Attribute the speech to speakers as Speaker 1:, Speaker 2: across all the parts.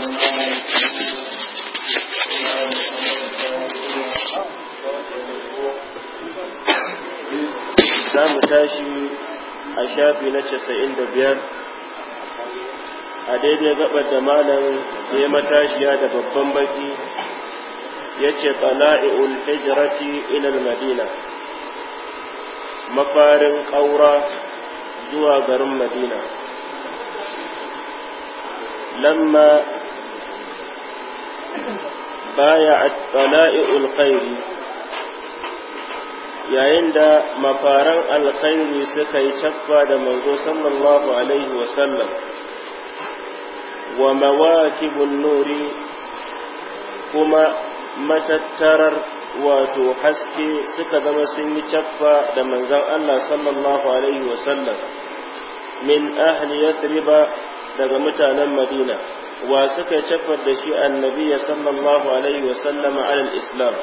Speaker 1: za
Speaker 2: mu tashi a shafi na casa'in da biyar a daidai gabar da malamin ya matashiya da babban baki ya ce bala'i'ul hijirati ilal madina mafarin ƙaura zuwa garin madina lamma baya a tsala'i'ul khairi yayin da mafaran alkhairi suka yi caffa da manzo sallallahu alaihi wasallam wa mawakibun nuri kuma matattarar wato haske suka zama sun yi caffa da manzan Allah sallallahu alaihi wasallam min ahli yathriba daga mutanen madina wa suka tabbar da shi annabi sallallahu alaihi wa sallama alal islam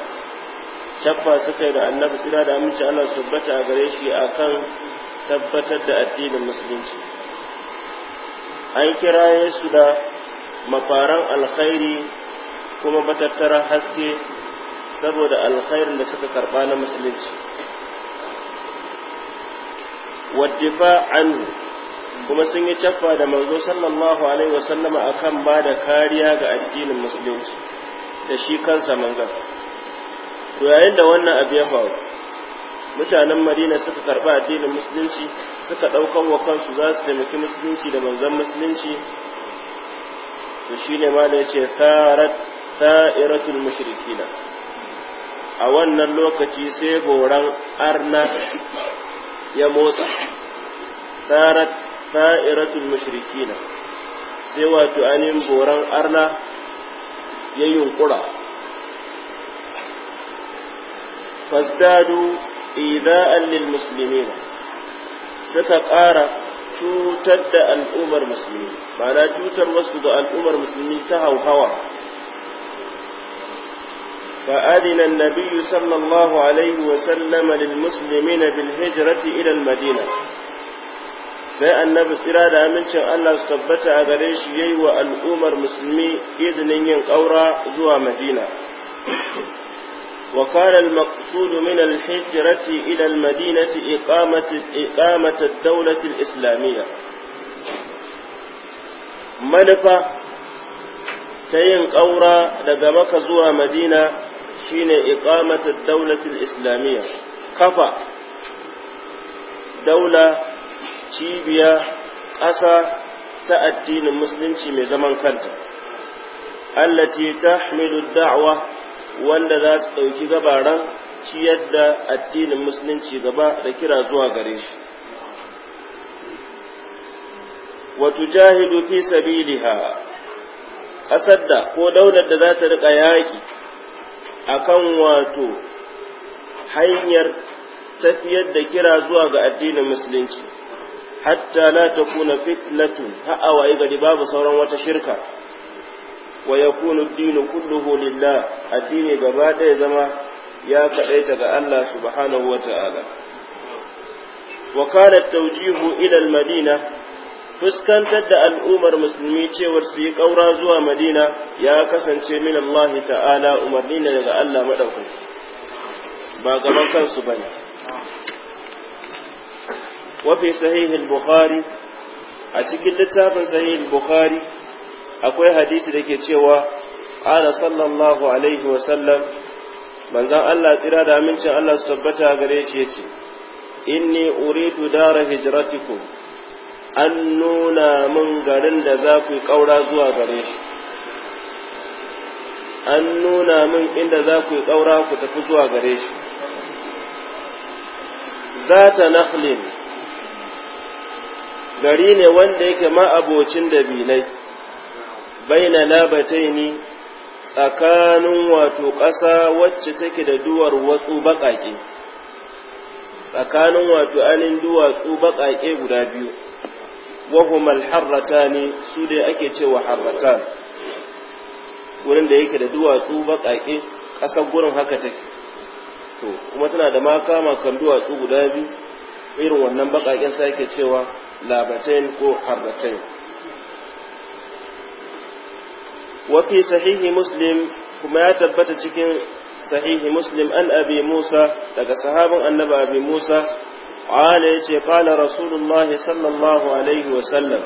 Speaker 2: tabba suka yi da annabi kira da aminci Allah tabbata a gare shi akan tabbatar da addinin musulunci an kira su da mafaran alkhairi kuma batattara haske saboda alkhairin da suka karba na musulunci wadda an kuma sun yi caffa da manzo sallallahu alaihi sallama akan ba da kariya ga addinin musulunci da shi kansa manzon to yayin da wannan abu ya faru mutanen madina suka karɓi addinin musulunci suka ɗaukar wa kansu za su taimaki musulunci da manzon musulunci to shi ne ma da ya ce mushrikina a wannan lokaci sai goran arna ya motsa tsarat sa'iratul mushrikina sai wato ainihin boran arna ya yunkura fasdadu ida'an lil muslimina suka ƙara cutar da al'ummar musulmi ma'ana cutar wasu ga al'ummar musulmi ta hauhawa فأذن النبي صلى الله عليه وسلم للمسلمين بالهجرة إلى المدينة sai annabi tsira da amincin Allah su tabbata a gare shi yayi wa al'ummar musulmi izinin yin ƙaura zuwa Madina. وكان المقصود من الهجرة إلى المدينة إقامة إقامة الدولة الإسلامية. منفى تين قورا لجمك زوى مدينة شين إقامة الدولة الإسلامية. كفى دولة cibiya ƙasa ta addinin musulunci mai zaman kanta allati tahmilu da'wa wanda za su ɗauki gabaran ciyar da addinin musulunci gaba da kira zuwa gare shi wa tujahidu fi sabiliha ƙasar da ko daular da za ta riƙa yaƙi kan wato hanyar tafiyar da kira zuwa ga addinin musulunci hatta la takuna fitnatun ha'a wa gari babu sauran wata shirka wa yakunu dinu kulluhu lillah addini gaba ɗaya zama ya kadaita ga Allah subhanahu wata'ala wa kana tawjihu ila al-madina fuskantar da al'ummar musulmi cewar su yi ƙaura zuwa madina ya kasance min Allah ta'ala umarni ne daga Allah madaukaki ba gaban kansu bane wafi sahihin bukhari a cikin littafin sahihin bukhari akwai hadisi da ke cewa ana sallallahu alaihi wasallam manzan Allah tsira da amincin Allah su tabbata gare shi yace inni uritu dara hijiratiku. an nuna min garin da za ku kaura zuwa gare an nuna min inda za ku kaura ku tafi zuwa gareshi. shi zata nakhlin gari ne wanda yake ma ma'abocin dabinai baina labataini tsakanin wato ƙasa wacce take da duwar wasu baƙaƙe tsakanin wato anin duwatsu baƙaƙe guda biyu wahumal harrata ne su dai ake cewa harrata wurin da yake da duwatsu baƙaƙe ƙasar gurin haka take to kuma tana da makama kan duwatsu guda biyu irin wannan baƙaƙen sa yake cewa labatain ko harratain wafi sahihi muslim kuma ya tabbata cikin sahihi muslim an abi musa daga sahabin annabi abi musa qala yace qala rasulullahi sallallahu alaihi wa sallam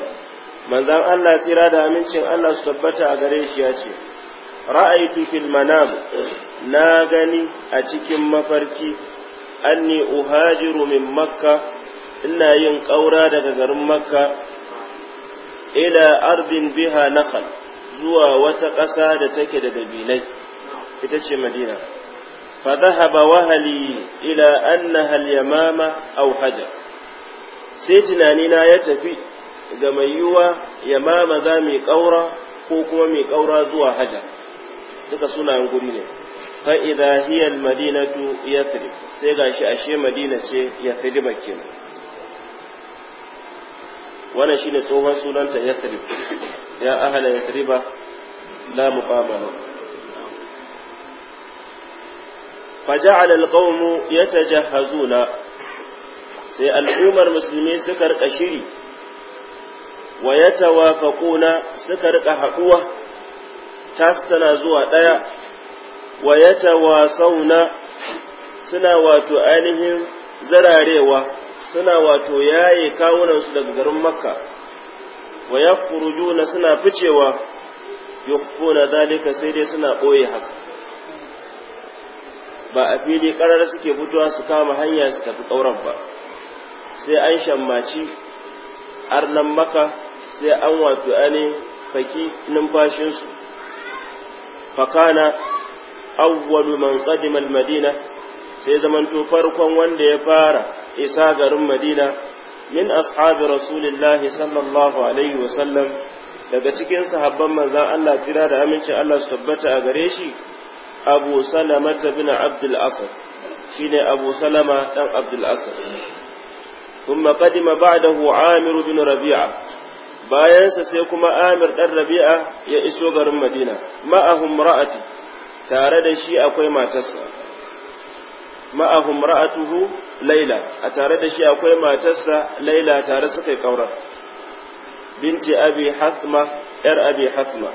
Speaker 2: Allah tsira da amincin Allah su tabbata a gare shi yace ra'aytu fil manam na gani a cikin mafarki anni uhajiru min makka ina yin ƙaura daga garin makka ila ardin biha nakhal zuwa wata ƙasa da take da dabilai ita ce madina فذهب وهلي إلى أنها اليمامة أو hajar sai na ya tafi ga mai yiwuwa ya mamaza mai ƙaura ko kuma mai ƙaura zuwa hajar duka sunayen guri ne fa idha hiya al-madinatu yathrib sai gashi ashe madina ce yathrib kenan wannan shine tsohon sunanta yathrib ya ahala yasriba
Speaker 1: la muqama
Speaker 2: فجعل القوم يتجهزون sai al'ummar musulmi suka rika shiri wa ya suka rika haɗuwa tas tana zuwa ɗaya wa ya suna wato ainihin zararewa suna wato yaye kawunansu daga garin makka wa ya na suna ficewa yukhfuna zalika sai dai suna ɓoye haka ba a fili ƙarar suke fitowa su kama hanya su tafi ƙauran ba sai an shammaci arnan maka sai an wato ne faki numfashinsu fakana awwalu man qadima al-madina sai zamanto farkon wanda ya fara isa garin madina min ashabi rasulillahi sallallahu alaihi wasallam daga cikin sahabban manzan Allah tira da amincin Allah su tabbata a gare shi abu salama ta bin abdul asad ne abu salama dan abdul asad kuma kadima ba'dahu amiru bin rabi'a bayansa sai kuma amir ɗan rabi'a ya iso garin madina ma'ahum ra'ati tare da shi akwai matarsa ma'ahum ra'atuhu laila a tare da shi akwai matarsa laila tare suka yi kaurar binti abi hasma yar abi hasma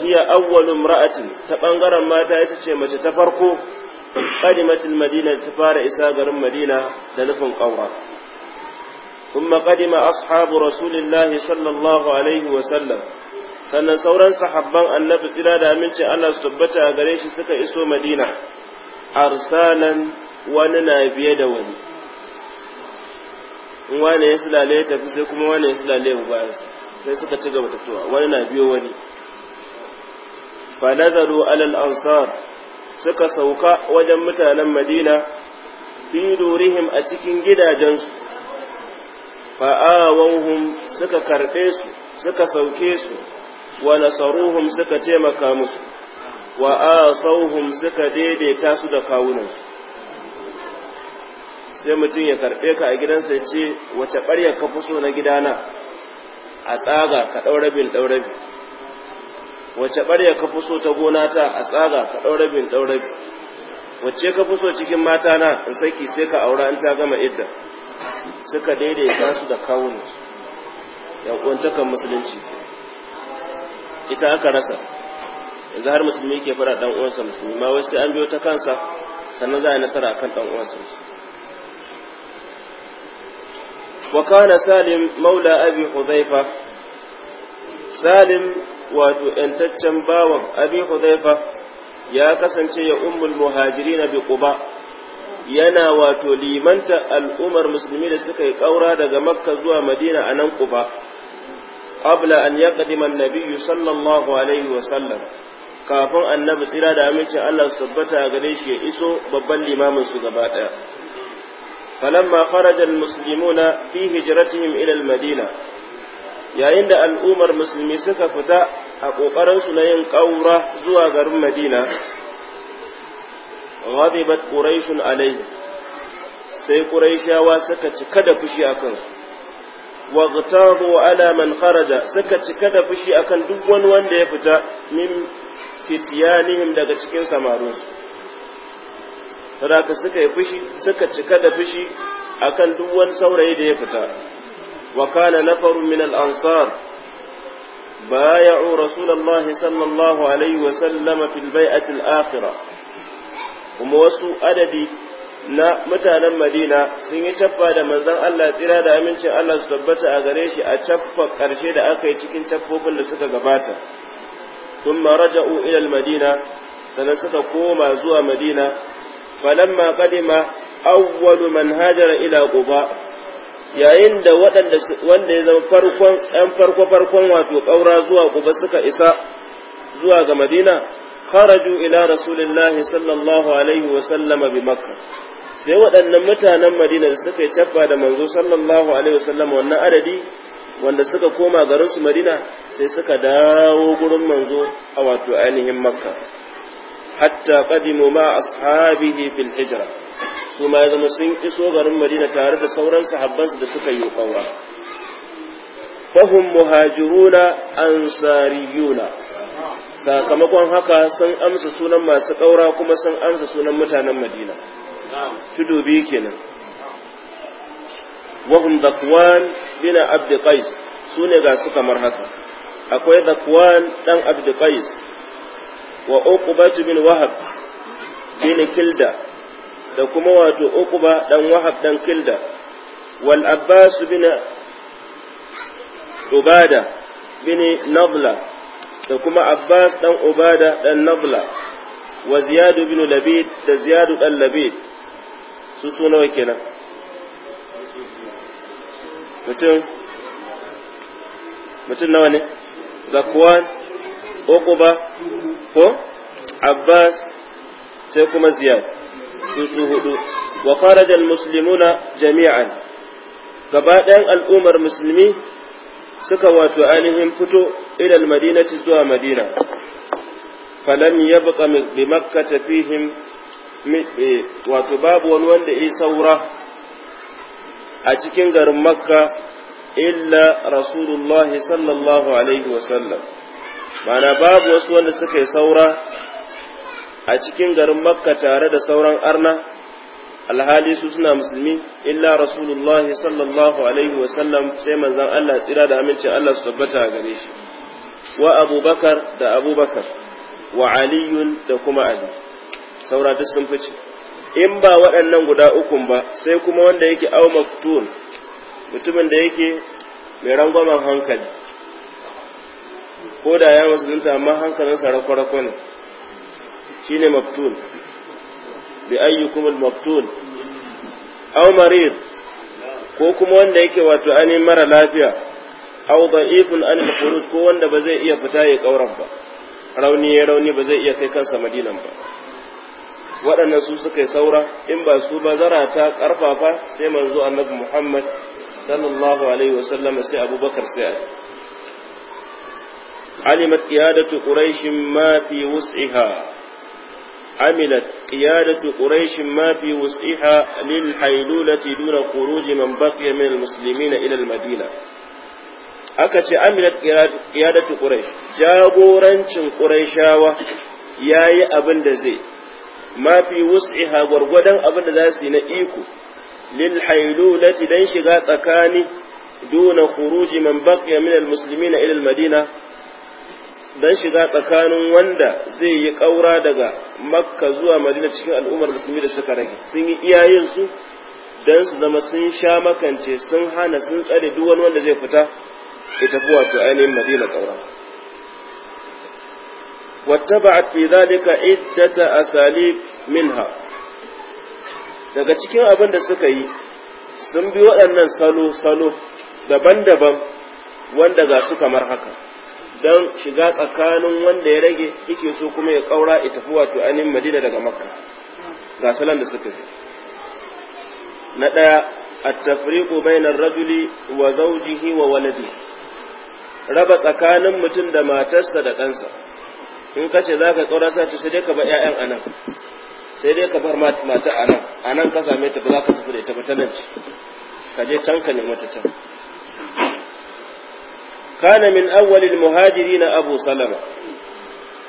Speaker 2: hiya awwalu imra'atin ta bangaren mata ita ce mace ta farko qadimat madina ta fara isa garin madina da nufin kaura kuma qadima ashabu rasulillahi sallallahu alaihi wa sallam sannan sauran sahabban annabi tsira da aminci Allah su tabbata gare shi suka iso madina arsalan wani na biye da wani in wani ya sulale ya tafi sai kuma wani ya sulale ya bayan su sai suka ci gaba tattuwa wani na biyo wani fa nazaru alal ansar suka sauka wajen mutanen madina fi durihim a cikin gidajensu fa'awahum suka karɓe su suka sauke su wa nasaruhum suka taimaka musu wa sauhun suka daidaita su da kawunansu sai mutum ya karɓe ka a gidansa ya ce wace ɓarya ka fi so na gidana a tsaga ka ɗaurabin ɗaurabi wace ɓarya ka fi so ta gonata a tsaga ka ɗaurabin ɗaurabi wacce ka fi so cikin mata na in saki sai ka aura in ta gama idda suka daidaita su da kawunansu yankuntakan musulunci ita aka rasa yanzu har musulmi ke fara dan uwansa musulmi ma wasu an biyo ta kansa sannan za a yi nasara akan dan uwansa wa kana salim maula abi hudhaifa salim wato yantaccen bawan abi hudhaifa ya kasance ya ummul muhajirin bi quba yana wato limanta al'ummar musulmi da suka yi kaura daga makka zuwa madina a nan quba abla an yaqdima an-nabiy sallallahu alaihi wa sallam kafin annabi tsira da amincin Allah su tabbata a gare shi ya iso babban limamin su gaba daya falamma kharaja almuslimuna fi hijratihim ila almadina yayin da al'ummar musulmi suka fita a kokarin su na yin kaura zuwa garin madina ghadibat quraishun alai sai quraishawa suka cika da fushi akan su واغتاظوا على من kharaja suka cika da fushi akan duk wani wanda ya fita min fitiyanihim daga cikin samarinsu saboda suka yi suka cika da fushi akan duk wani saurayi da ya fita wa kana nafaru min al-ansar بايعوا رسول الله صلى الله عليه وسلم al البيعة Kuma wasu adadi na mutanen Madina sun yi caffa da manzon Allah tsira da amincin Allah su tabbata a gare shi a caffa karshe da aka yi cikin caffofin da suka gabata ثم رجعوا إلى المدينة سنسك كوما زوى مدينة فلما قدم أول من هاجر إلى قباء yayin da waɗanda wanda ya zama farkon ɗan farko farkon wato ƙaura zuwa guba suka isa zuwa ga madina kharaju ila rasulillahi sallallahu alaihi wa sallama bi makka sai waɗannan mutanen madina da suka yi tabba da manzo sallallahu alaihi wa sallama wannan adadi wanda suka koma garinsu su madina sai suka dawo gurin manzo a wato ainihin makka hatta kadimu ma ashabihi fil hijra su ma yanzu sun iso garin madina tare da sauran sahabbansu da suka yi kaura fahum muhajiruna ansariyuna sakamakon haka sun amsa sunan masu kaura kuma sun amsa sunan mutanen madina tudu biyu kenan wahum dakwan bin abd qais sune ga su kamar haka akwai zakwan dan abd qais wa uqba bin wahab bin kilda da kuma wato uqba dan wahab dan kilda wal abbas bin ubada bin nadla da kuma abbas dan ubada dan nadla wa ziyad bin labid da ziyad dan labid su sunawa kenan mutum mutum nawa ne zakwan uquba ko abbas sai kuma ziyad su su hudu wa kharaja almuslimuna jami'an gaba ɗayan al'ummar musulmi suka wato ainihin fito ila madinati zuwa madina falam yabqa bi makkah fihim eh, wato babu wani wanda ya saura a cikin garin makka illa rasulullahi sallallahu alaihi wasallam mana babu wasu wanda suka yi saura a cikin garin makka tare da sauran arna alhali su suna musulmi illa rasulullahi sallallahu alaihi wasallam sai manzan Allah tsira da amincin Allah su tabbata gare shi wa abubakar da abubakar wa aliyun da kuma ali saura duk sun fice in ba waɗannan guda ukun ba sai kuma wanda yake au maktun mutumin da yake mai rangwamen hankali ko da ya musulunta amma hankalinsa rako-rako ne shi ne maktun bi ayyukum al-maktun au marid ko kuma wanda yake wato ainihin mara lafiya au da'ifun anil khuruj ko wanda ba zai iya fita ya kauran ba rauni ya rauni ba zai iya kai kansa madinan ba waɗannan su suka yi saura in ba su ba zara ta ƙarfafa sai manzo annabi Muhammad sallallahu alaihi wa wasallam sai abubakar sai ali alimat qiyadatu quraish ma fi wus'iha amilat qiyadatu quraish ma fi wus'iha lil haylulati duna khuruj man baqiya min al muslimina ila al madina aka ce amilat qiyadatu quraish jagorancin quraishawa yayi abin da zai ma fi wus'iha gwargwadon abin da za su yi na iko lil lati dan shiga tsakani duna khuruji man baqiya min al muslimina ila al madina dan shiga tsakanin wanda zai yi kaura daga makka zuwa madina cikin al'ummar musulmi da suka rage sun yi iyayen su dan su zama sun sha makance sun hana sun tsare duk wanda zai fita ya tafi wato ainihin madina kaura wattaba'at fi dhalika iddata asalib minha daga cikin abin da suka yi sun bi waɗannan salo salo daban-daban wanda ga su kamar haka don shiga tsakanin wanda ya rage yake so kuma ya ƙaura ya tafi wato ainihin madina daga makka ga salon da suka yi na ɗaya التفريق بين الرجل وزوجه وولده raba tsakanin mutum da matarsa da ɗansa in ka ce za ka ƙaura sa ce sai dai ka bar 'ya'yan anan sai dai ka bar mata anan anan ka same ta ba za ka tafi da ita ba ta nan ce ka je can ka nemi ta can kana min awwalil muhajirin abu salama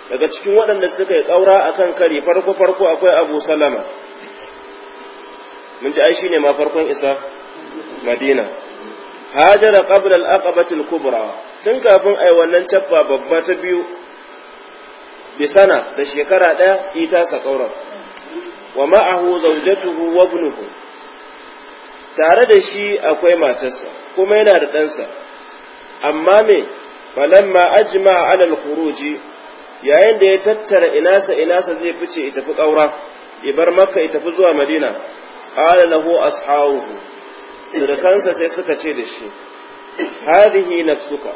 Speaker 2: daga cikin waɗanda suka yi ƙaura kan kari farko farko akwai abu salama mun ji ai shi ne ma farkon isa madina hajara qabla al-aqabati al-kubra tun kafin ai wannan tabba babba ta biyu bisana da shekara ɗaya ita sa wa ma'ahu zaujatuhu wa ibnuhu tare da shi akwai matarsa kuma yana da ɗansa amma me falamma ajma ala al-khuruji yayin da ya tattara ina sa ina sa zai fice ita fi ƙaura bar makka ita fi zuwa madina qala lahu ashabuhu surukansa sai suka ce da shi hadhihi nafsuka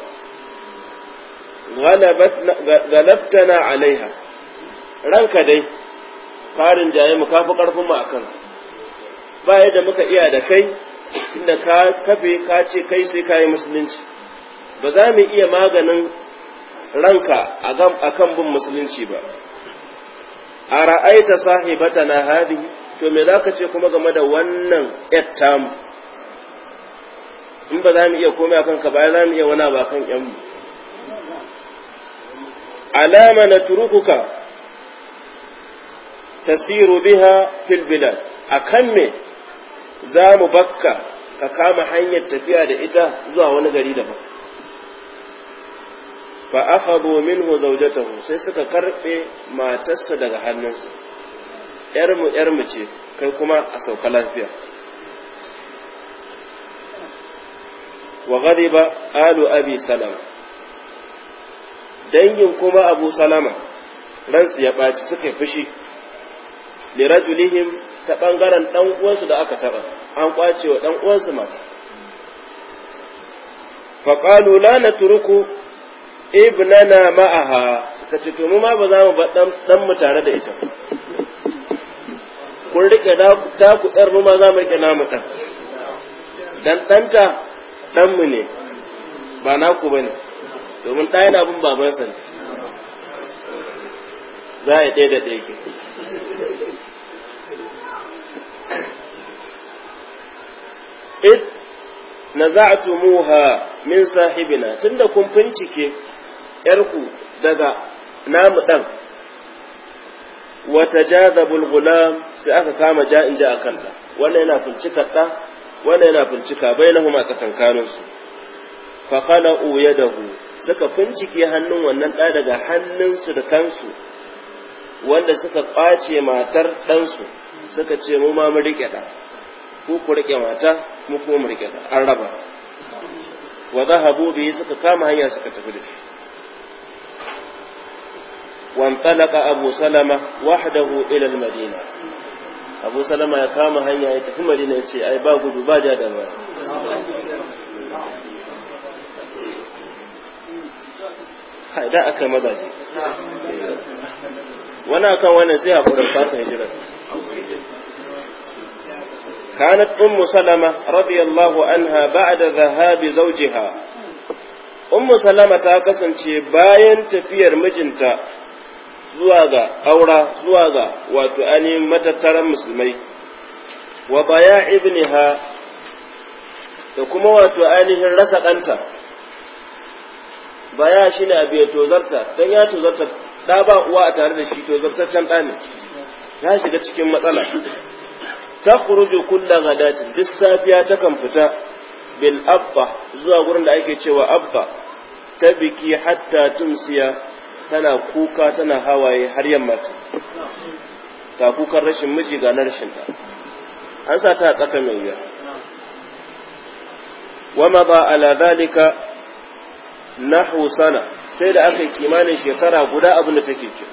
Speaker 2: galabtana alaiha ranka dai farin jaye mu kafi karfin mu akan ba yadda muka iya da kai tunda ka kafe ka ce kai sai kai musulunci ba za mu iya maganin ranka akan bin musulunci ba a ra'aita sahibata na hadihi to me za ka ce kuma game da wannan yattamu in ba za mu iya komai akan ka ba za mu iya wani ba kan yanmu alama na turukuka tasiru biha fil bilad akan me zamu bakka ka kama hanyar tafiya da ita zuwa wani gari daban fa akhadhu minhu zawjatahu sai suka karbe matarsa daga hannunsu yarmu mu yar mu ce kai kuma a sauka lafiya wa ghadiba alu abi dangin kuma abu salama ransu ya ɓaci suka yi fushi lirajulihim ta ɓangaren ɗan'uwansu da aka taɓa an ƙwace wa ɗan mata faƙalu la na turuku ibnana ma'aha suka ce to mu ma ba za mu ba ɗan mu tare da ita kun riƙe ta ku ɗar mu ma za mu rike namu ɗan dan ɗanta ɗanmu ne ba naku ba ne domin ɗa yana bin babansa ne za a yi ɗaya da ɗaya ke it na za a za'atumuha min sahibina tunda kun bincike yarku daga namu ɗan wata da bulgula sai aka kama in ja a kan ɗa wannan yana bincika ɗa wannan yana bincika bai na huma tsakankaninsu fa ya dahu suka fincike hannun wannan ɗaya daga hannunsu da kansu wanda suka ƙwace matar ɗansu suka ce mu ma mu riƙe ɗa ko ku riƙe mata mu ko mu riƙe ɗa an raba wa ha gobe suka kama hanya suka tafi da shi Abu Salama وانطلق أبو سلمة وحده إلى المدينة أبو ya يقام هنيا يتفهم مدينة ba باقو da ba.
Speaker 1: da aka mazaje. Wani aka wani sai a kudin fasin hijira. Kanat
Speaker 2: Ummu Salama radiyallahu anha ba'da zahabi zawjiha. Ummu Salama ta kasance bayan tafiyar mijinta zuwa ga aura zuwa ga wato ani matattaran musulmai. Wa baya ibniha da kuma wato ainihin rasa ɗanta. ba ya shi na biya tozarta don ya tozarta ɗa ba uwa a tare da shi tozartaccen ɗa ne ya shiga cikin matsala ta kuruju kulla gadatin duk safiya ta kan fita bil abba zuwa wurin da ake cewa abba ta biki hatta tumsiya tana kuka tana hawaye har yamma ta kukan rashin miji ga na rashin ta an sa ta tsaka mai wa ma ba ala zalika nahu sana sai da aka yi kimanin shekara guda abin da take ke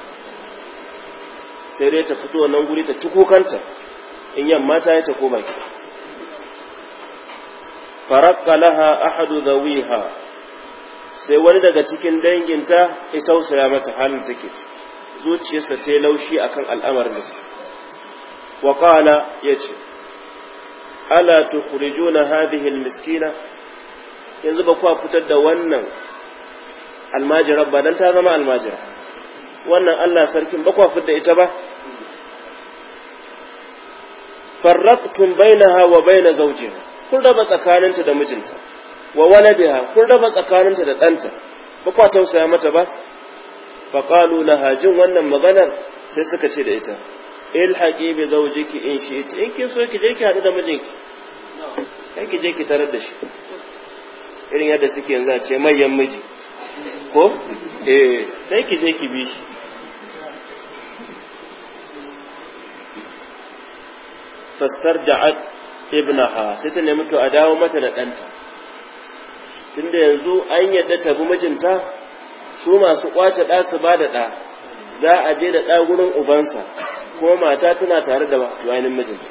Speaker 2: sai dai ta fito wannan guri ta ci kukanta in yamma ta yi ta koma ki faraka laha ahadu zawiha sai wani daga cikin danginta ya tausaya mata halin take ce zuciyarsa ta yi laushi akan al'amarin da wa qala yace ala tukhrijuna hadhihi almiskina miskina yanzu ba kuwa fitar da wannan Almajira ba dan ta zama almajira wannan Allah sarkin ba kwafi da ita ba farraqtum bainaha wa baina zawjiha kun raba tsakaninta da mijinta wa waladiha kun raba tsakaninta da danta ba kwa tausaya mata ba fa qalu laha jin wannan maganar sai suka ce da ita ilhaqi bi zawjiki in shi'ti in kin so ki je ki haɗu da mijinki kai ki je ki tarar da shi irin yadda suke yanzu a ce mayyan miji ko eh sai ki je ki bi shi fastarja'at ibnaha sai ta nemi to a dawo mata da ɗanta tunda yanzu an yadda ta bi mijinta su masu kwace ɗa su ba da ɗa za a je da ɗa gurin ubansa kuma mata tana tare da wani mijinta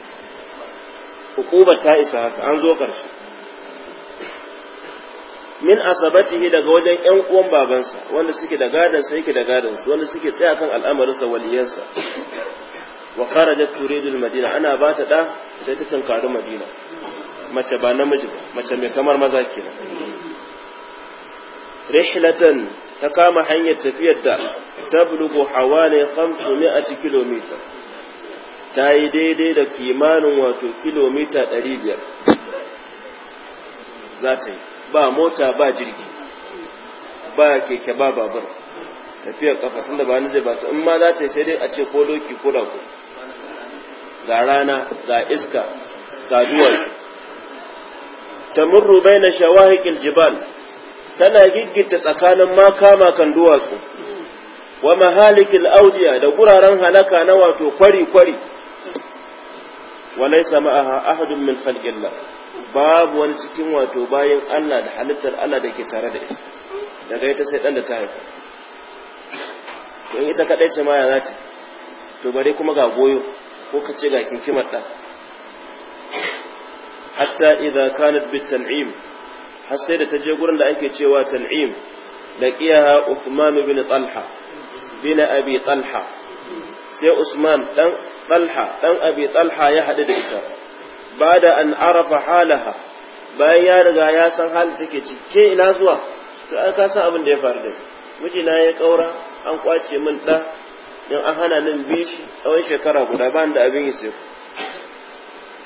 Speaker 2: hukubar ta isa haka an zo ƙarshe min asabatihi daga wajen ƴan uwan babansa wanda suke da gadan sai yake da gadan su wanda suke tsaya kan al'amarinsa waliyansa wa kharajat turidul madina ana ba ta da sai ta tunkari madina mace ba namiji ba mace mai kamar maza kenan rihlatan ta kama hanyar tafiyar da tablugu hawale 500 km ta yi daidai da kimanin wato kilomita 500 za ta ba mota ba jirgi ba keke ba babur tafiyar kafa tun da ba ni zai ba in ma za ta yi sai dai a ce ko doki ko rago ga rana ga iska ga Ta tamurru baina shawahiqil jibal tana giggita tsakanin makama kan duwatsu wa mahalikil audiya da guraren halaka na wato kwari kwari wa laysa ma'aha ahadun min khalqillah babu wani cikin wato bayan Allah da halittar Allah da ke tare da ita daga ita sai dan da ta haifa to in ita kadai ce ma ya zata to bare kuma ga goyo ko ka ce ga kinkimar da hatta idza kanat bit tan'im har da ta je gurin da ake cewa tan'im qiyaha Uthman bin Talha bin Abi Talha sai Usman dan Talha dan Abi Talha ya hadu da ita Bada da an arafa halaha bayan ya riga ya san halin take cike ina zuwa to ai san abin da ya faru da mijina ya kaura an kwace min da in an hana nan bi shi tsawon shekara guda ba da abin yi sai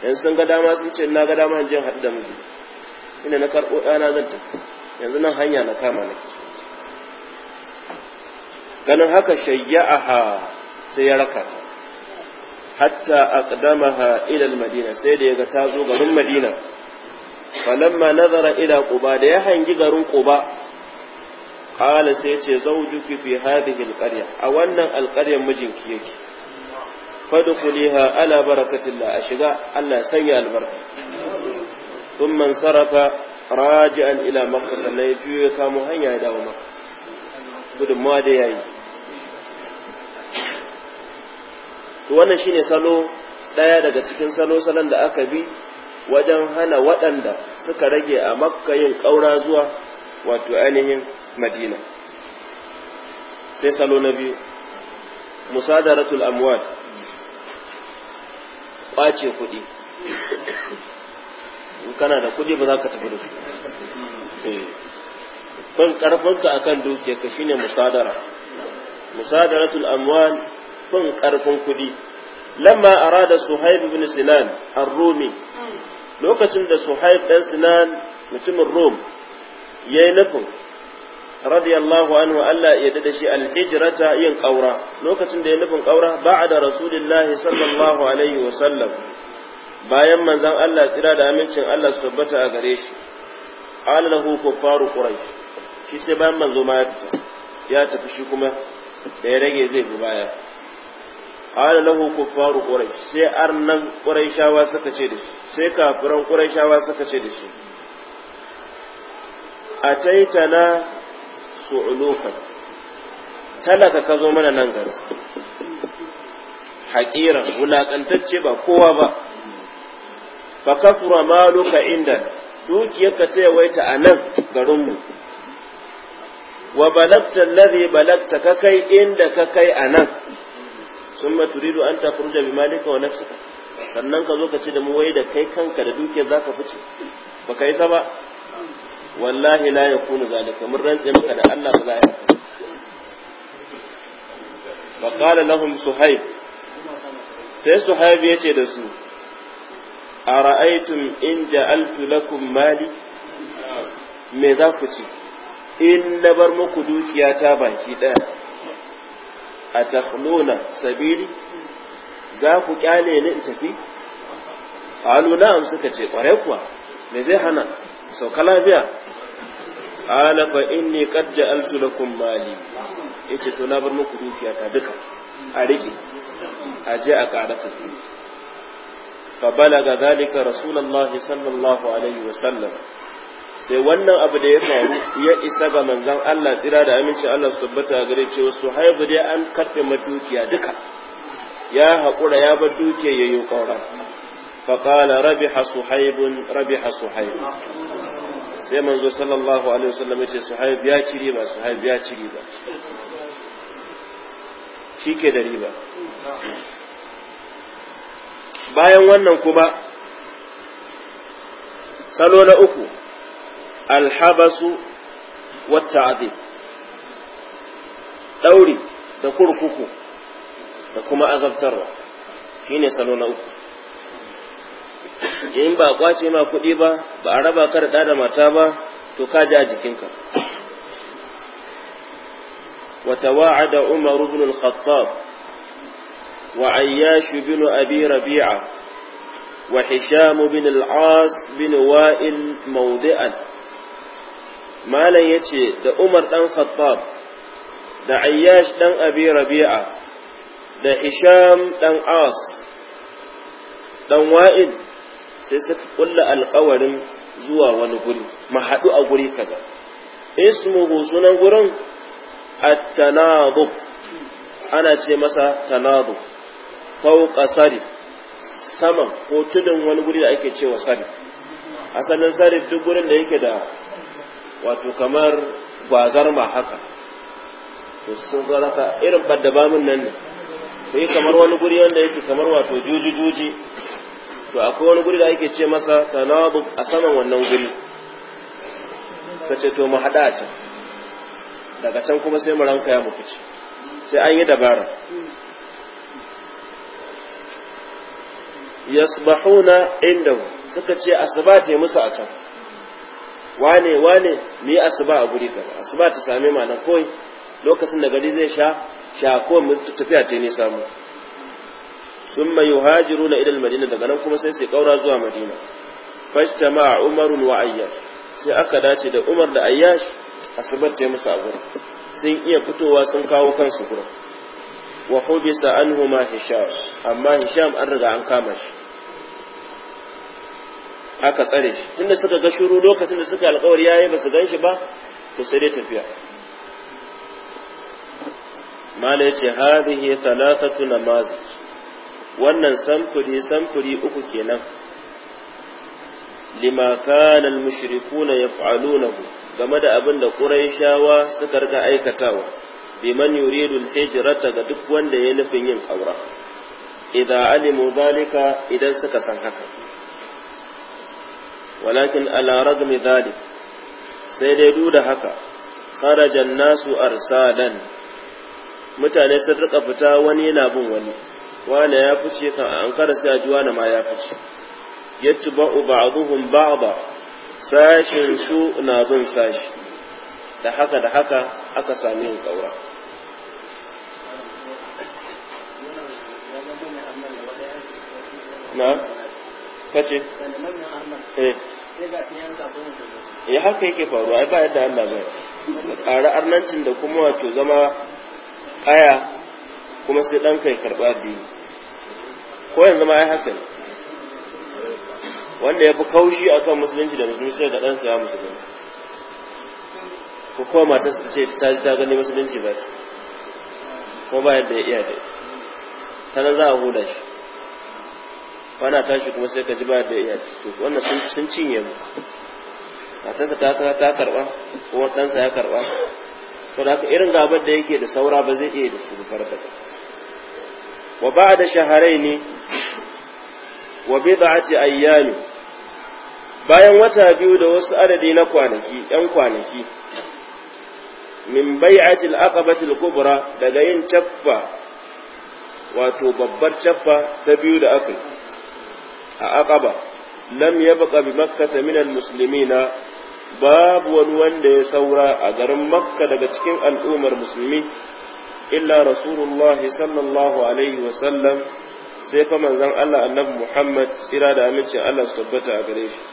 Speaker 2: yanzu sun ga dama sun ce na ga dama jin haɗu da miji ina na karɓo ɗana zan ta yanzu nan hanya na kama na ganin haka shayya sai ya raka hatta aqdamaha ila al-madina sai da yaga ta zo garin madina falamma nazara ila quba da ya hangi garin quba qala sai ce zawjuki fi hadhihi al-qarya a wannan alƙaryar mijinki yake fadkhuliha ala barakatillah a shiga Allah sanya albarka thumma sarafa raji'an ila makka sannan ya kamo hanya ya dawo makka ma da yayi to wannan shine salo ɗaya daga cikin salo salon da aka bi wajen hana waɗanda suka rage a makka yin ƙaura zuwa wato ainihin madina sai salo na biyu musadaratul amwal ƙwace kuɗi in kana da kuɗi ba za ka tafi da su kan eh, ƙarfinka akan ka shine musadara musadaratul amwal fin karfin kuɗi lamma arada suhaib ibn sinan ar-rumi lokacin da suhaib ɗan sinan mutumin Rum ya yi nufin radiyallahu anhu Allah ya da shi alhijirata yin ƙaura lokacin da ya nufin ƙaura ba'da rasulillahi sallallahu alaihi wa sallam bayan manzan Allah tsira da amincin Allah su tabbata a gare shi alahu kufaru quraish shi sai bayan manzo ma ya fita ya tafi shi kuma da ya rage zai fi baya ala lahu kuffaru quraish sai arnan quraishawa suka ce da shi sai kafiran quraishawa suka ce da shi ataitana su'ulukan talaka ka kazo mana nan garin haƙiran wulaƙantacce ba kowa ba fa kafura maluka inda ka ce waita a nan garinmu wa balagta alladhi balagta ka kai inda ka kai a nan sun ma turidu an ta furja bi malika wa nafsika sannan ka zo ka ce da mu wai da kai kanka da duke za ka fice ba ka yi ta ba wallahi la yakunu zalika mun rantse maka da Allah ba za a yi fa qala lahum suhaib sai suhaib ya ce da su ara'aytum in ja'altu lakum mali me za ku ci in na bar muku dukiya ta baki daya a takhluna sabili za ku kyale ni in tafi alu na'am suka ce kwarai kuwa me zai hana sauka lafiya ala fa inni qad ja'altu lakum mali yace to na bar muku dukiya ta duka a rike a je a karata fa balaga zalika rasulullahi sallallahu alaihi wasallam sai eh, wannan abu da ya faru ya isa ga manzan Allah tsira da amince Allah su tabbata a gare cewa su haibu dai an karfe madukiya duka ya haƙura ya bar dukiya ya yi ƙaura faƙala rabi hasu haibun rabi hasu haibun sai manzo sallallahu alaihi wasallam ya ce su haibu ya ci riba su haibu ya ci riba shi ke da riba bayan wannan kuma salo na uku الحبس والتعذيب دوري تقول كوكو كما أزل ترى فين يسألون أوكو إن با قواتي ما كتبا با عربا كرد هذا ما تابا تكاجا جكينك وتواعد عمر بن الخطاب وعياش بن أبي ربيعة وحشام بن العاص بن وائل موضئا malam ya ce da umar ɗan khattab da ayyash ɗan abi rabi'a da isham ɗan as ɗan wa'id sai suka kulla alkawarin zuwa wani guri mahaɗu a guri kaza ismuhu sunan gurin at-tanadub ana ce masa tanadub fauqa sarif saman ko tudun wani guri da ake cewa sarif asalin sarif duk gurin da yake da wato kamar gwazar ma haka to sun zo haka irin baddabamin nan ne sai kamar wani guri wanda yake kamar wato juji juji to akwai wani guri da ake ce masa tanawub a saman wannan guri kace to mu hada a can daga can kuma sai mu ranka ya mu fice sai an yi dabara yasbahuna indahu suka ce asbata musu a can wane wane mu asuba a guri kaza asuba ta same mana na koi lokacin da gari zai sha sha ko mu tafiya ta ne samu mai yuhajiru na idan madina daga nan kuma sai sai kaura zuwa madina fashtama umarun wa ayyash sai aka dace da umar da ayyash asubar ta yi musu a gurin sun iya fitowa sun kawo kansu gurin wa hubisa anhuma hisham amma hisham an riga an kama shi aka tsare shi tunda suka ga shuru lokacin da suka alkawari yayi ba su ganshi ba to sai dai tafiya mala yace hadhihi thalathatu namaz wannan samfuri samfuri uku kenan lima kana almushrikuna yaf'alunahu game da abin da quraishawa suka riga aikatawa man yuridu alhijrata ga duk wanda ya nufin yin aura idza alimu zalika idan suka san haka walakin ala ragmi dhalik sai dai du da haka kharajan nasu dan mutane sun rika fita wani yana bin wani wani ya fice kan an kara sai a ji wani ma ya fice yatba'u ba'dhum ba'dha sashin su na bin sashi da haka da haka aka sami yin
Speaker 1: kace eh
Speaker 2: ya haka yake faruwa ai ba yadda Allah bai ƙara arnancin da kuma wato zama aya kuma sai dan kai karɓa biyu ko yanzu ma ai haka ne wanda ya fi kaushi akan musulunci da musulunci sai da ɗansa ya musulunci ko kuma matarsa ta ce ta ji ta gani musulunci ba ta ko ba yadda ya iya dai tana za a huda shi kwana tashi kuma sai ka ji ba da iya to wannan sun cinye mu matarsa ta ta karba ko ɗansa ya karba to da irin gabar da yake da saura ba zai iya da su farka wa ba'da shahrayn wa bid'ati ayyami bayan wata biyu da wasu adadi na kwanaki ɗan kwanaki min bai'ati al-aqabati al-kubra daga yin chaffa wato babbar chaffa ta biyu da aka yi a aqaba lam yabqa bi makkata min almuslimina babu wani wanda ya saura a garin makka daga cikin al'ummar musulmi illa rasulullahi sallallahu alaihi wa sallam sai fa manzon Allah annabi Muhammad tsira da aminci Allah su tabbata a gare shi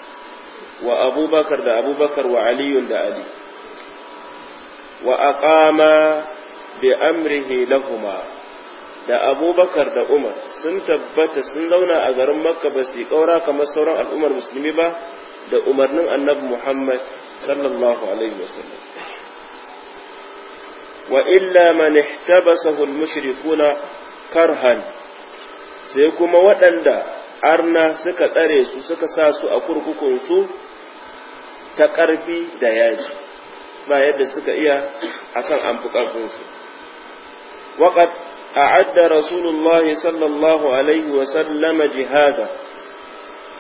Speaker 2: wa abubakar da abubakar wa aliyun da ali wa aqama bi amrihi lahuma da abubakar da umar sun tabbata sun zauna a garin makka ba su ƙaura kamar sauran al'ummar musulmi ba da umarnin annabi muhammad sallallahu alaihi wasallam wa illa man ihtabasahu al-mushrikuna karhan sai kuma waɗanda arna suka tsare su suka sa su a kurkukun su ta ƙarfi da yaji ba yadda suka iya akan amfukan su waƙat أعد رسول الله صلى الله عليه وسلم جهازا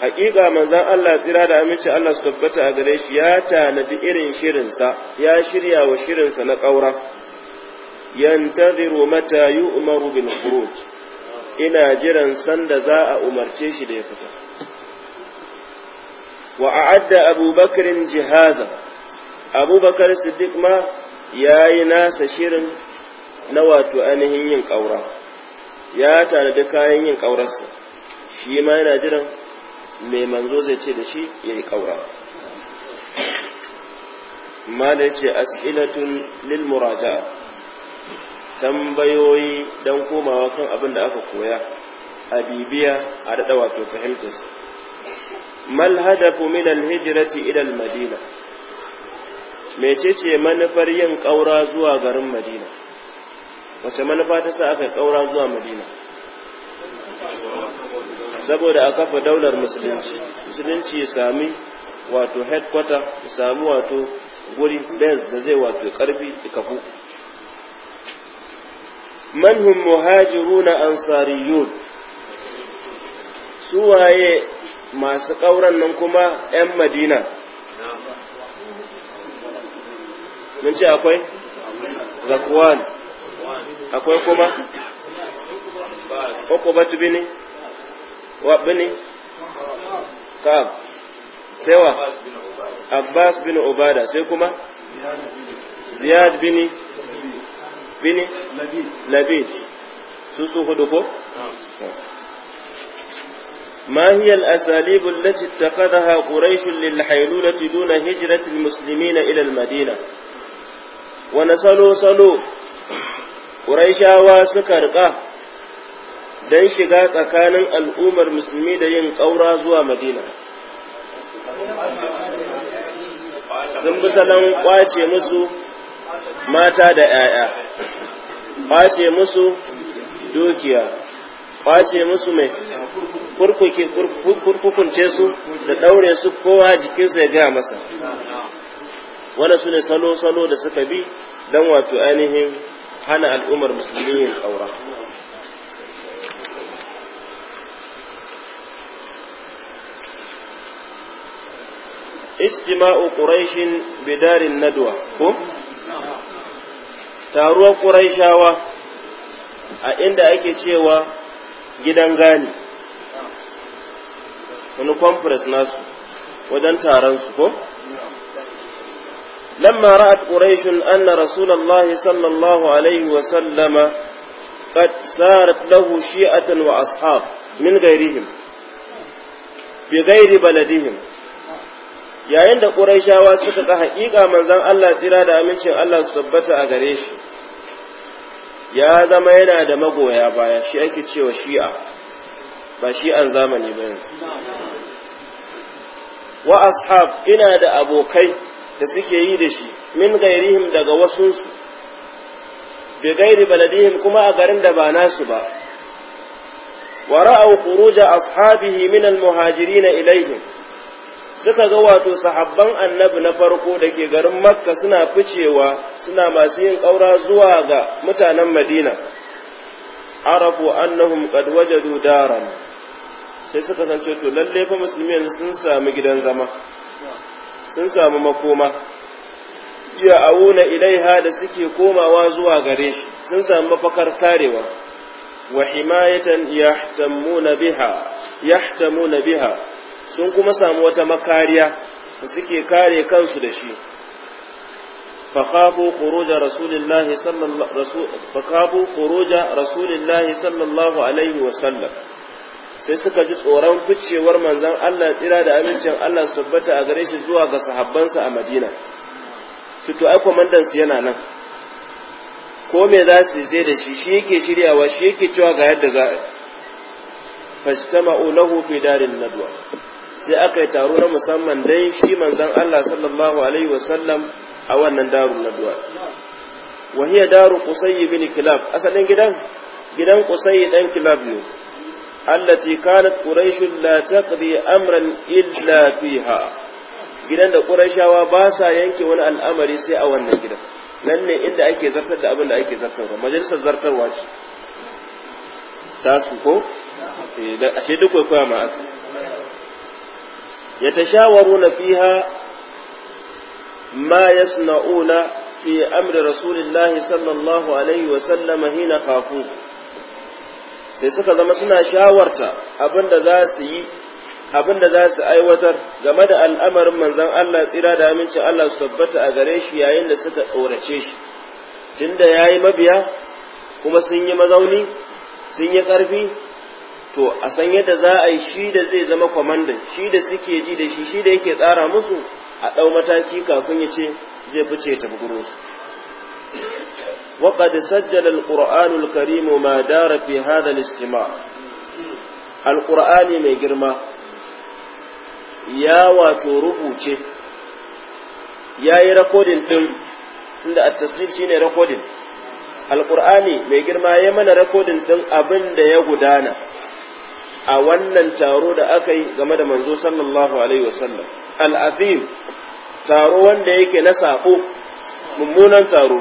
Speaker 2: haƙiƙa manzan Allah tsira da aminci Allah su tabbata a gare shi ya tanadi irin shirinsa ya shirya wa shirinsa na ƙaura yantaziru mata yu'maru bil khuruj ina jiran sanda za a umarce shi da ya fita wa a'adda abubakar jihaza abubakar siddiq ma yayi nasa shirin na wato ainihin yin ƙaura ya tanadi kayan yin ƙaurarsa shi ma yana jiran mai manzo zai ce da shi ya yi ƙaura ma da ce as'ilatun lil muraja. tambayoyi don komawa kan abin da aka koya a bibiya a daɗa wato fahimtarsa mal hadafu min alhijrati ila almadina mecece manufar yin ƙaura zuwa garin madina wace manufa ta sa aka yi kaura zuwa madina saboda a kafa daular musulunci musulunci ya sami wato headquarter ya sami wato guri benz da zai wato karfi da kafu manhum muhajiruna su waye masu ƙauran nan kuma 'yan madina mun ce akwai
Speaker 1: zakwan akwai ko ba? kuma
Speaker 2: ukubatu bini wa bini kab
Speaker 1: sai wa abbas
Speaker 2: bin ubada sai kuma ziyad bini bini labid su su hudu ko ما هي الأساليب التي اتخذها قريش للحيلولة دون هجرة المسلمين إلى المدينة ونسألوا سلوا ƙuraishawa suka riƙa don shiga tsakanin al'ummar musulmi da yin ƙaura zuwa madina
Speaker 1: sun bi salon kwace musu mata da ‘ya'ya
Speaker 2: ƙwace musu dukiya ƙwace musu mai kurkukunce su da ɗaure su kowa jikinsa ya gaya masa wanda su ne salo-salo da suka bi don wato ainihin hana al'ummar musulmi yin ƙaura istima'u quraishin bidarin nadwa ko taruwar quraishawa a inda ake cewa gidan gani wani conference nasu wajen taron su ko لما رأت قريش أن رسول الله صلى الله عليه وسلم قد سارت له شيئة وأصحاب من غيرهم بغير بلدهم yayin da Qurayshawa suka ga haƙiƙa manzon Allah tsira da amincin Allah su tabbata a gare shi ya zama yana da magoya baya shi ake cewa shi'a ba shi'an zamani ba yanzu wa ina da abokai da suke yi da shi min gairihim daga wasunsu bi gairi baladihim kuma a garin da ba nasu ba wa ra'aw khuruja ashabihi min almuhajirin ilaihim suka ga wato sahabban annabi na farko da ke garin makka suna ficewa suna masu yin ƙaura zuwa ga mutanen madina arafu annahum qad wajadu daran sai suka san to lalle fa musulmi sun sami gidan zama sun samu makoma ya auna ilaiha da suke komawa zuwa gare shi sun samu mafakar tarewa wa himayatan yahtamuna biha yahtamuna biha sun kuma samu wata makariya da suke kare kansu da shi fa khafu khuruja rasulillahi sallallahu الله فخافوا sai suka ji tsoron ficewar manzan Allah tsira da amincin Allah su tabbata a gare shi zuwa ga sahabbansa a Madina Fito ai komandan su yana nan ko me za su je da shi shi yake shiryawa shi yake cewa ga yadda za a fastama'u lahu fi darin nadwa sai aka yi taro na musamman dai shi manzan Allah sallallahu alaihi wasallam a wannan darun nadwa wa hiya daru qusay bin kilab asalin gidan gidan qusay dan kilab ne allati kanat quraish la taqdi amran illa fiha gidan da ƙurashawa ba sa yanke wani al'amari sai a wannan gidan nan ne inda ake zartar da abin da ake zartarwa majalisar zartarwa ce tasu ko eh, a shi duk kwaikwaya ma aka ya ta shawaru na fiha ma ya suna'una fi amri rasulillahi sallallahu alaihi wasallama hina kafu sai suka zama suna shawarta abin za su yi abin da za su aiwatar game da al'amarin manzon Allah tsira da amincin Allah su tabbata a gare shi yayin da suka tsorace shi tunda yayi mabiya kuma sun yi mazauni sun yi ƙarfi to a san yadda za a yi shi da zai zama kwamandan shi da suke ji da shi shi da yake tsara musu a ɗau mataki kafin ya ce zai fice ta su وقد سجل القرآن الكريم ما دار في هذا الاستماع mai girma ya wato rubuce ya yi rakodin ɗin inda a tasir shi ne rakodin alƙur'ani mai girma ya mana rikodin ɗin abin da ya gudana a wannan taro da aka yi game da manzo sallallahu alaihi wasallam al'azim taro wanda yake na saƙo mummunan taro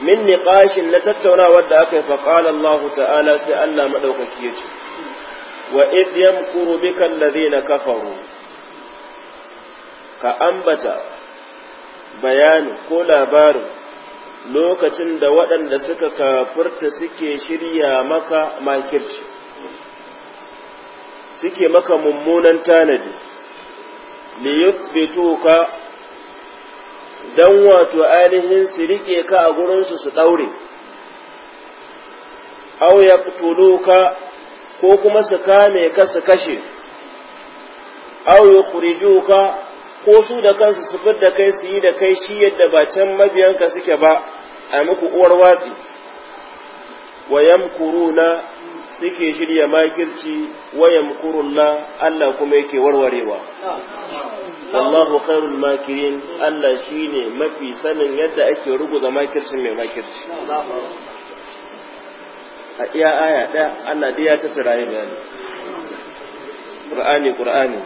Speaker 2: min niqashin na tattaunawar da aka yi faƙala Allah ta'ala sai Allah maɗaukaki ya ce, wa id yamkuru bika alladhina kafaru ka ambata bayani ko labarin lokacin da waɗanda suka kafurta suke shirya maka makirci suke maka mummunan tanadi li yuthbituka don wato ainihin su riƙe ka a gurinsu su ɗaure, au ya ka ko kuma su kame ka su kashe, au ya ka ko su da kansu su da kai su yi da kai shi yadda ba can mabiyanka suke ba a muku uwar watsi, wayan kuruna suke shirya makirci wayan Allah kuma yake warwarewa. wallahu khairul makirin Allah shine mafi sanin yadda ake ruguza makircin mai makirci a iya aya ɗaya Allah dai ya tattara ya bayani Qur'ani Qur'ani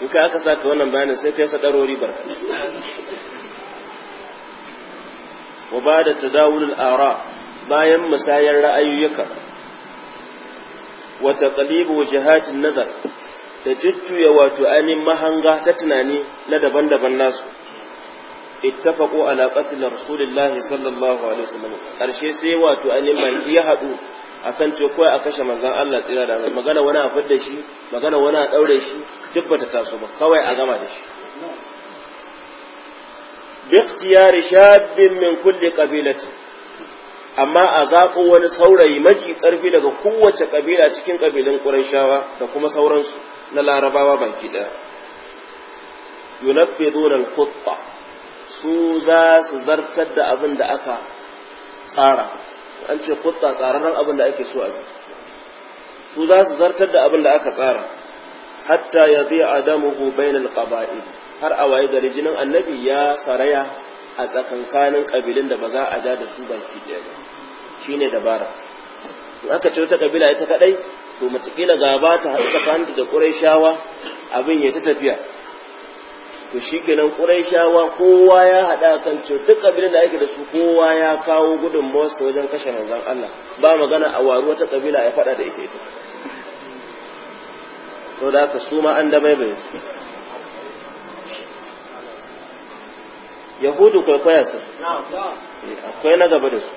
Speaker 2: in ka aka saka wannan bayanin sai kai sadarori barka wa ba da tadawul ara bayan musayar ra'ayoyuka wa taqlibu wajahatin nazar da jujjuya wato ainihin mahanga ta tunani na daban-daban nasu ittafaqu ala qatl rasulillahi sallallahu alaihi wasallam karshe sai wato ainihin manki ya hadu akan ce kawai a kashe manzon Allah tsira da magana wani a fadda shi magana wani a daure shi duk bata taso ba kawai a gama da shi bi ikhtiyari shabbin min kulli qabilati amma a zaƙo wani saurayi maji ƙarfi daga kowace ƙabila cikin ƙabilun ƙurayshawa da kuma sauransu na larabawa baki ɗaya yunaffiduna al su za su zartar da abin da aka tsara an ce khutta tsararren abin da ake so a bi su za su zartar da abin da aka tsara hatta yabi'a adamu bainal qaba'il har a waye gari jinin annabi ya saraya a tsakankanin ƙabilun da ba za a ja da su baki ɗaya ba shine dabara in aka ce wata kabila ita kaɗai to kila gaba ta haɗu tsakanin da ƙuraishawa abin ya ta tafiya to shi kenan ƙuraishawa kowa ya haɗa kan ce duk kabilan da ake da su kowa ya kawo gudun mawasta wajen kashe manzan Allah ba magana a waru wata kabila ya faɗa da ita ita to da su ma an da baibaye yahudu kwaikwaya su
Speaker 1: eh, akwai na gaba da su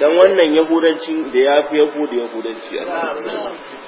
Speaker 1: dan wannan yahudancin da ya fi yahudu yahudanci a